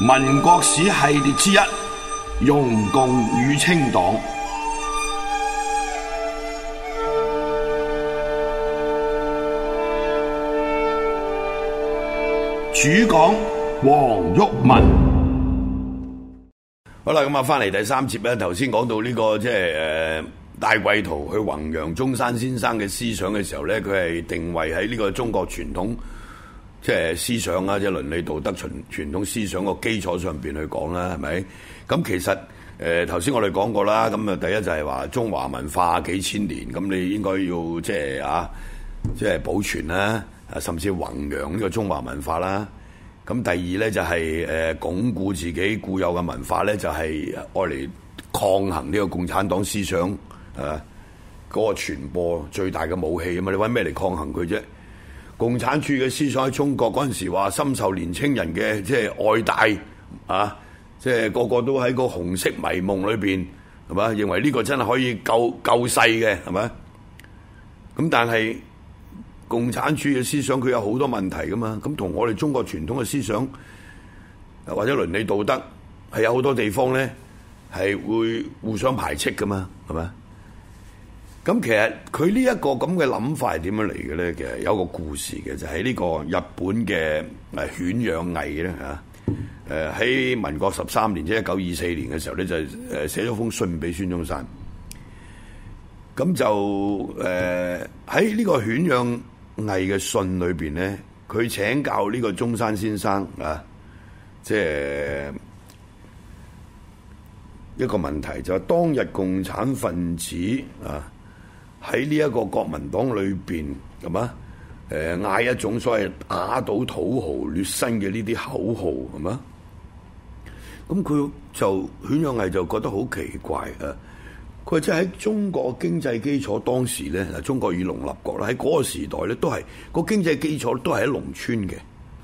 民國史系列之一，容共與清黨，主講黃毓民。好啦，咁啊，翻嚟第三節咧。頭先講到呢、這個即係誒，戴季陶去弘揚中山先生嘅思想嘅時候咧，佢係定位喺呢個中國傳統。即係思想啊，即係倫理道德、傳傳統思想個基礎上邊去講啦，係咪？咁其實誒頭先我哋講過啦，咁啊第一就係話中華文化幾千年，咁你應該要即係啊，即係保存啦，啊甚至弘揚呢個中華文化啦。咁第二咧就係、是、誒、呃、鞏固自己固有嘅文化咧，就係愛嚟抗衡呢個共產黨思想誒嗰、啊那個傳播最大嘅武器啊嘛！你揾咩嚟抗衡佢啫？共產主義嘅思想喺中國嗰陣時話深受年青人嘅即係愛戴啊，即係個個都喺個紅色迷夢裏邊，係嘛？認為呢個真係可以救救世嘅，係嘛？咁但係共產主義嘅思想佢有好多問題噶嘛？咁同我哋中國傳統嘅思想或者倫理道德係有好多地方咧，係會互相排斥噶嘛？係嘛？咁其實佢呢一個咁嘅諗法係點樣嚟嘅咧？其實有一個故事嘅，就喺、是、呢個日本嘅誒犬養毅咧嚇，誒喺民國十三年即係一九二四年嘅時候咧，就誒、是、寫咗封信俾孫中山。咁就誒喺呢個犬養毅嘅信裏邊咧，佢請教呢個中山先生啊，即、就、係、是、一個問題，就係、是、當日共產分子啊。喺呢一個國民黨裏邊，係嘛？誒、呃、嗌一種所謂打倒土豪劣紳嘅呢啲口號，係嘛？咁佢就犬養毅就覺得好奇怪啊！佢即係喺中國經濟基礎當時咧，嗱中國以農立國啦，喺嗰個時代咧都係、個經濟基礎都係喺農村嘅，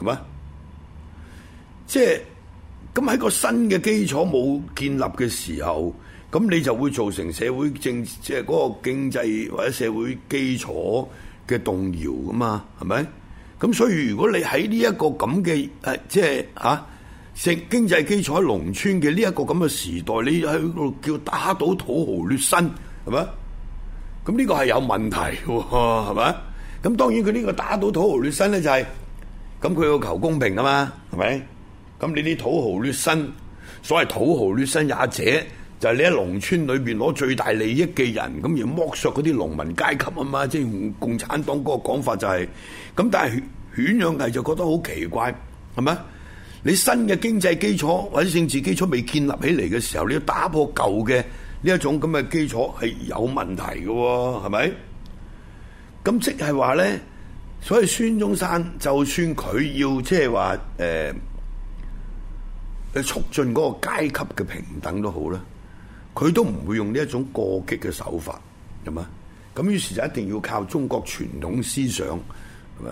係嘛？即係咁喺個新嘅基礎冇建立嘅時候。咁你就會造成社會政，即係嗰個經濟或者社會基礎嘅動搖噶嘛，係咪？咁所以如果你喺呢一個咁嘅即係嚇食經濟基礎喺農村嘅呢一個咁嘅時代，你喺度叫打倒土豪劣紳，係咪？咁呢個係有問題喎，係咪？咁當然佢呢個打倒土豪劣紳咧、就是，就係咁佢要求公平啊嘛，係咪？咁你啲土豪劣紳，所謂土豪劣紳也者。就係你喺農村裏面攞最大利益嘅人，咁而剝削嗰啲農民階級啊嘛，即係共產黨嗰個講法就係咁。咁但係犬養毅就覺得好奇怪，係咪？你新嘅經濟基礎或者政治基礎未建立起嚟嘅時候，你要打破舊嘅呢一種咁嘅基礎係有問題嘅喎，係咪？咁即係話咧，所以孫中山就算佢要即係話誒促進嗰個階級嘅平等都好啦。佢都唔會用呢一種過激嘅手法，係嘛？咁於是就一定要靠中國傳統思想，係咪？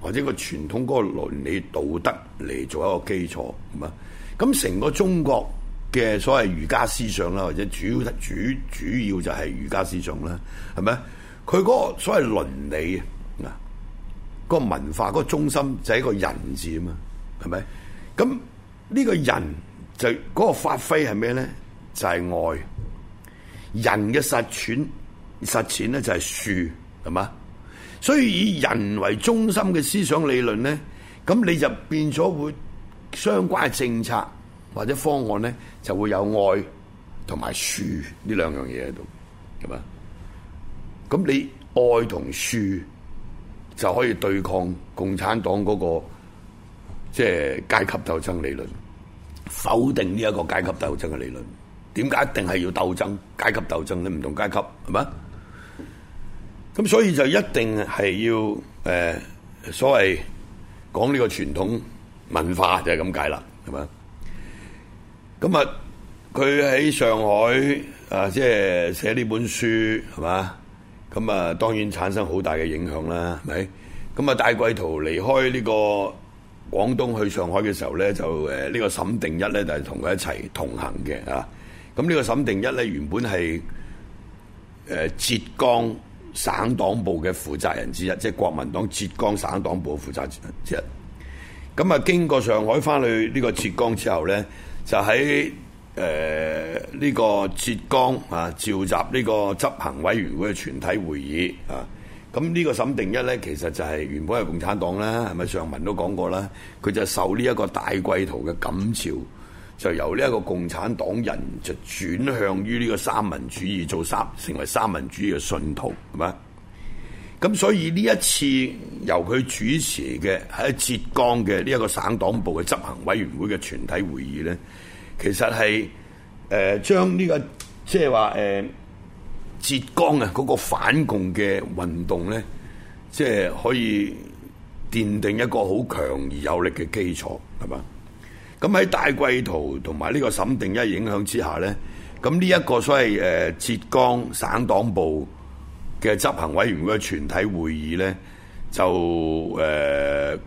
或者個傳統嗰個倫理道德嚟做一個基礎，係嘛？咁成個中國嘅所謂儒家思想啦，或者主要主主要就係儒家思想啦，係咪？佢嗰個所謂倫理啊，嗰個文化嗰個中心就係一個人字啊嘛，係咪？咁呢個人就嗰個發揮係咩咧？就係愛，人嘅實踐實踐咧就係恕係嘛？所以以人為中心嘅思想理論咧，咁你就變咗會相關嘅政策或者方案咧，就會有愛同埋恕呢兩樣嘢喺度，係嘛？咁你愛同恕就可以對抗共產黨嗰、那個即係階級鬥爭理論，否定呢一個階級鬥爭嘅理論。點解一定係要鬥爭階級鬥爭咧？唔同階級係嘛？咁所以就一定係要誒、呃、所謂講呢個傳統文化就係咁解啦，係嘛？咁啊，佢喺上海啊，即、呃、係、就是、寫呢本書係嘛？咁啊，當然產生好大嘅影響啦，係咪？咁啊，戴季陶離開呢個廣東去上海嘅時候咧，就誒呢、呃呢個沈定一咧就係同佢一齊同行嘅啊。咁呢個沈定一咧原本係誒浙江省黨部嘅負責人之一，即、就、係、是、國民黨浙江省黨部負責人之一。咁啊，經過上海翻去呢個浙江之後咧，就喺誒呢個浙江啊召集呢個執行委員會嘅全體會議啊。咁、這、呢個沈定一咧，其實就係原本係共產黨啦，係咪上文都講過啦？佢就受呢一個戴季陶嘅感召。就由呢一個共產黨人就轉向於呢個三民主義，做三成為三民主義嘅信徒，係嘛？咁所以呢一次由佢主持嘅喺浙江嘅呢一個省黨部嘅執行委員會嘅全體會議咧，其實係誒將呢個即係話誒浙江啊嗰個反共嘅運動咧，即係可以奠定一個好強而有力嘅基礎，係嘛？咁喺戴季陶同埋呢個審定一影響之下咧，咁呢一個所謂誒、uh, 浙江省黨部嘅執行委員會嘅全體會議呢，就誒、uh,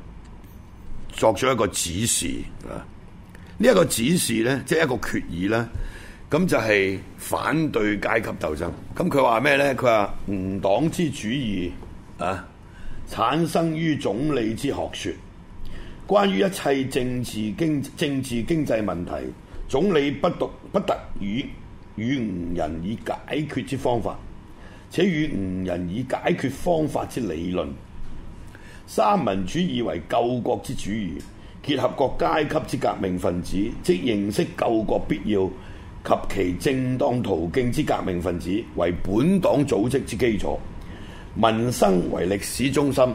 作咗一個指示啊！呢、這、一個指示呢，即、就、係、是、一個決議啦。咁就係反對階級鬥爭。咁佢話咩呢？佢話吾黨之主義啊，產生於總理之學説。關於一切政治經政治經濟問題，總理不，不得不特與與吾人以解決之方法，且與吾人以解決方法之理論。三民主義為救國之主義，結合各階級之革命分子，即認識救國必要及其正當途徑之革命分子，為本黨組織之基礎。民生為歷史中心。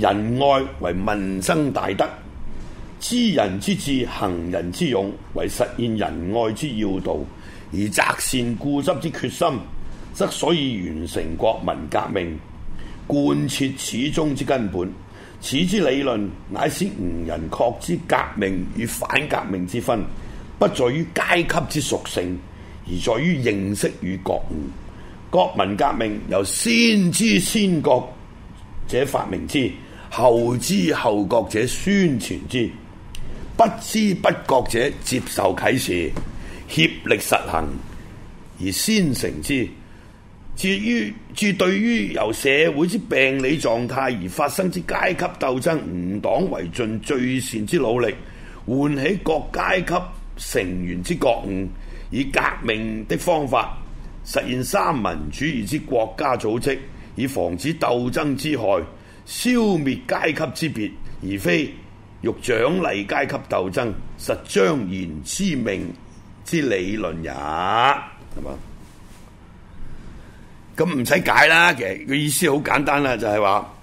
仁愛為民生大德，知人之智、行人之勇，為實現仁愛之要道；而擇善固執之決心，則所以完成國民革命、貫徹始終之根本。此之理論，乃使吾人確知革命與反革命之分，不在於階級之屬性，而在於認識與覺悟。國民革命由先知先覺者發明之。後知後覺者宣傳之，不知不覺者接受啓示，協力實行而先成之。至於至對於由社會之病理狀態而發生之階級鬥爭，吾黨為盡最善之努力，喚起各階級成員之覺悟，以革命的方法實現三民主義之國家組織，以防止鬥爭之害。消滅階級之別，而非欲獎勵階級鬥爭，實張言之命之理論也，係嘛？咁唔使解啦，其實個意思好簡單啦，就係話，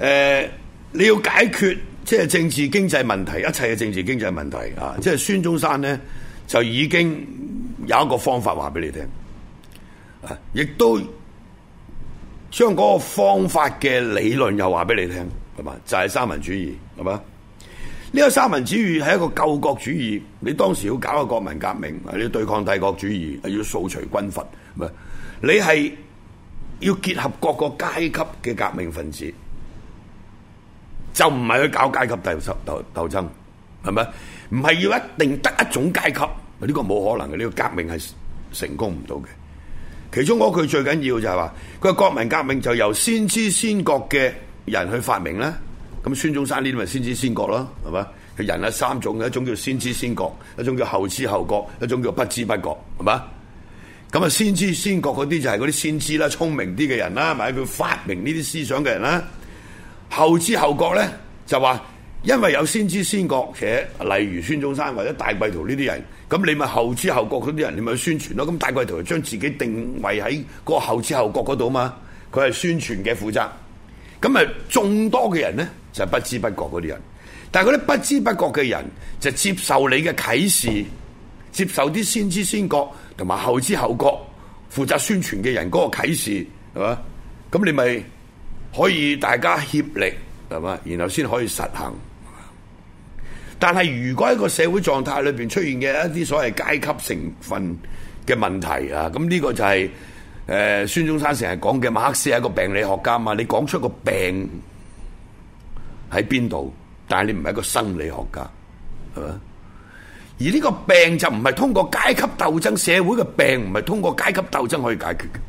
誒，你要解決即係、就是、政治經濟問題，一切嘅政治經濟問題啊，即係孫中山呢，就已經有一個方法話俾你聽，亦、啊、都。將嗰個方法嘅理論又話俾你聽，係嘛？就係三民主義，係嘛？呢個三民主義係一個救國主義。你當時要搞個國民革命，你要對抗帝國主義，要掃除軍閥，唔係你係要結合各個階級嘅革命分子，就唔係去搞階級鬥爭鬥鬥爭，係咪？唔係要一定得一種階級，呢個冇可能嘅，呢個革命係成功唔到嘅。其中嗰句最緊要就係話，佢話國民革命就由先知先覺嘅人去發明啦。咁孫中山呢啲咪先知先覺咯，係嘛？佢人有三種，一種叫先知先覺，一種叫後知後覺，一種叫不知不覺，係嘛？咁啊，先知先覺嗰啲就係嗰啲先知啦，聰明啲嘅人啦，咪佢發明呢啲思想嘅人啦。後知後覺咧就話。因為有先知先覺，例如孫中山或者大貴圖呢啲人，咁你咪後知後覺嗰啲人，你咪宣傳咯。咁大貴圖就將自己定位喺個後知後覺嗰度嘛，佢係宣傳嘅負責。咁啊，眾多嘅人咧就係不知不覺嗰啲人，但係啲不知不覺嘅人就接受你嘅啟示，接受啲先知先覺同埋後知後覺負責宣傳嘅人嗰個啟示，係嘛？咁你咪可以大家協力，係嘛？然後先可以實行。但係如果一個社會狀態裏邊出現嘅一啲所謂階級成分嘅問題啊，咁呢個就係、是、誒、呃、孫中山成日講嘅馬克思係一個病理學家啊嘛，你講出個病喺邊度，但係你唔係一個生理學家，係嘛？而呢個病就唔係通過階級鬥爭，社會嘅病唔係通過階級鬥爭可以解決嘅。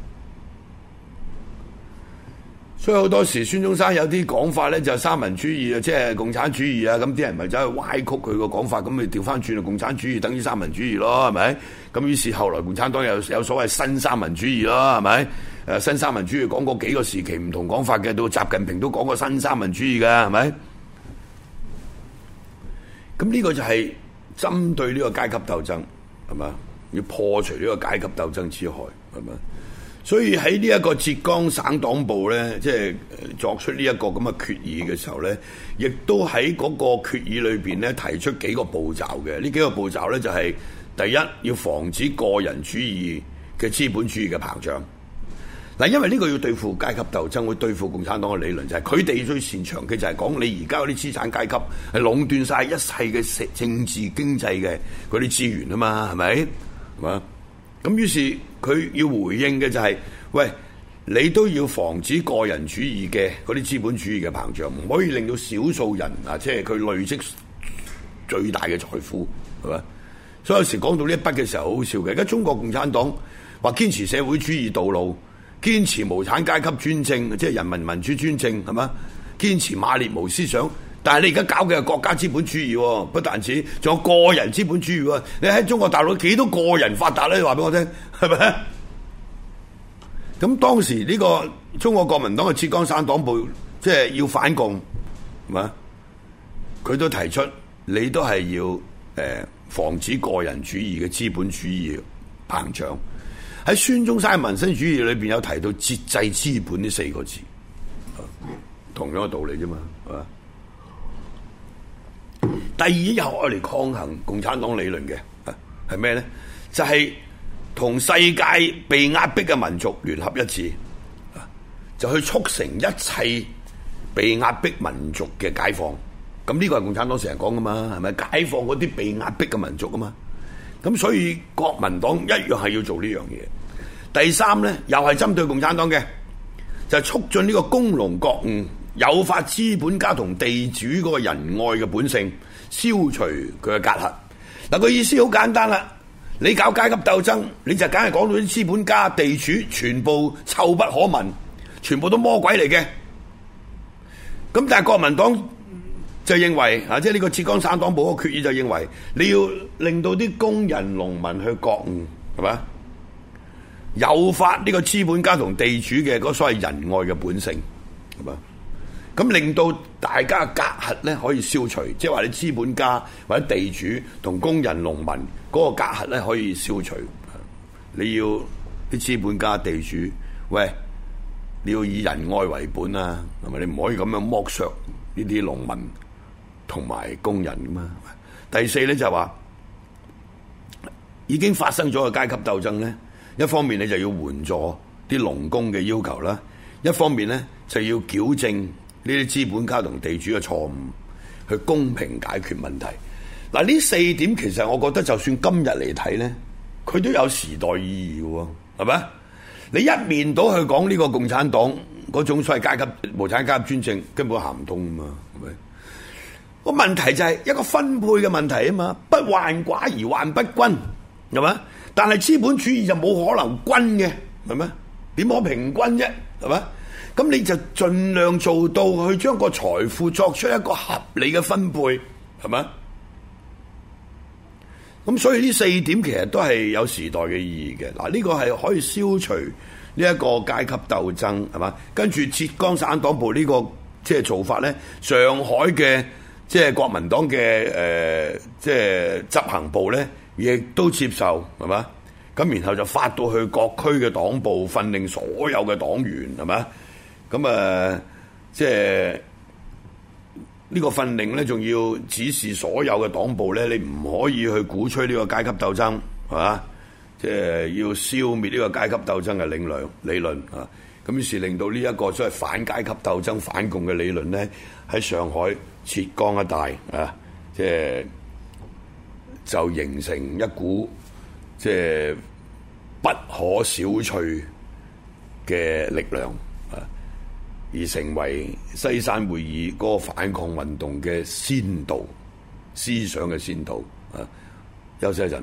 所以好多時孫中山有啲講法咧，就三民主義啊，即係共產主義啊，咁啲人咪走去歪曲佢個講法，咁咪調翻轉共產主義等於三民主義咯，係咪？咁於是後來共產黨有有所謂新三民主義咯，係咪？誒，新三民主義講過幾個時期唔同講法嘅，到習近平都講過新三民主義噶，係咪？咁呢個就係針對呢個階級鬥爭，係咪？要破除呢個階級鬥爭之害，係咪？所以喺呢一個浙江省黨部咧，即係作出呢一個咁嘅決議嘅時候呢，亦都喺嗰個決議裏邊提出幾個步驟嘅。呢幾個步驟呢，就係第一，要防止個人主義嘅資本主義嘅膨脹。嗱，因為呢個要對付階級鬥爭，會對付共產黨嘅理論就係佢哋最擅長嘅就係講你而家嗰啲資產階級係壟斷晒一切嘅政治經濟嘅嗰啲資源啊嘛，係咪係嘛？是咁於是佢要回應嘅就係，喂，你都要防止個人主義嘅嗰啲資本主義嘅膨脹，唔可以令到少數人啊，即係佢累積最大嘅財富，係咪？所以有時講到呢一筆嘅時候，好笑嘅，而家中國共產黨話堅持社會主義道路，堅持無產階級專政，即係人民民主專政，係咪？堅持馬列毛思想。但係你而家搞嘅係國家資本主義，不但止，仲有個人資本主義喎。你喺中國大陸幾多個人發達咧？話俾我聽，係咪？咁當時呢個中國國民黨嘅浙江省黨部，即係要反共，係嘛？佢都提出，你都係要誒防止個人主義嘅資本主義膨脹。喺孫中山民生主義裏邊有提到節制資本呢四個字，同樣嘅道理啫嘛，係嘛？第二又愛嚟，抗衡共產黨理論嘅，係咩呢？就係、是、同世界被壓迫嘅民族聯合一致，就去促成一切被壓迫民族嘅解放。咁呢個係共產黨成日講噶嘛？係咪解放嗰啲被壓迫嘅民族噶嘛？咁所以國民黨一樣係要做呢樣嘢。第三呢又係針對共產黨嘅，就係、促進呢個工農覺悟，誘發資本家同地主嗰個仁愛嘅本性。消除佢嘅隔閡，嗱，個意思好簡單啦。你搞階級鬥爭，你就梗係講到啲資本家、地主全部臭不可聞，全部都魔鬼嚟嘅。咁但係國民黨就認為，啊，即係呢個浙江省黨部個決議就認為，你要令到啲工人農民去覺悟，係嘛？誘發呢個資本家同地主嘅嗰所謂仁愛嘅本性，係嘛？咁令到大家嘅隔閡咧可以消除，即係話你資本家或者地主同工人農民嗰個隔閡咧可以消除。你要啲資本家地主，喂，你要以仁愛為本啊，係咪？你唔可以咁樣剝削呢啲農民同埋工人嘛？第四咧就係話，已經發生咗個階級鬥爭咧，一方面你就要援助啲農工嘅要求啦，一方面咧就要矯正。呢啲資本家同地主嘅錯誤，去公平解決問題。嗱，呢四點其實我覺得就算今日嚟睇咧，佢都有時代意義嘅喎，係咪？你一面倒去講呢個共產黨嗰種所謂階級無產階級專政，根本行唔通啊嘛，係咪？個問題就係一個分配嘅問題啊嘛，不患寡而患不均，係咪？但係資本主義就冇可能均嘅，係咪？點可平均啫，係咪？咁你就盡量做到去將個財富作出一個合理嘅分配，係嘛？咁所以呢四點其實都係有時代嘅意義嘅。嗱，呢個係可以消除呢一個階級鬥爭，係嘛？跟住浙江省黨部呢個即係做法呢，上海嘅即係國民黨嘅誒即係執行部呢，亦都接受，係嘛？咁然後就發到去各區嘅黨部，訓令所有嘅黨員係嘛？咁啊，即係呢個訓令咧，仲要指示所有嘅黨部咧，你唔可以去鼓吹呢個階級鬥爭，係嘛？即係要消滅呢個階級鬥爭嘅力量理論，啊！咁於是令到呢一個所謂反階級鬥爭反共嘅理論咧，喺上海、浙江一帶，啊，即係就形成一股即係不可小覷嘅力量。而成為西山會議嗰個反抗運動嘅先導思想嘅先導啊，休息一陣。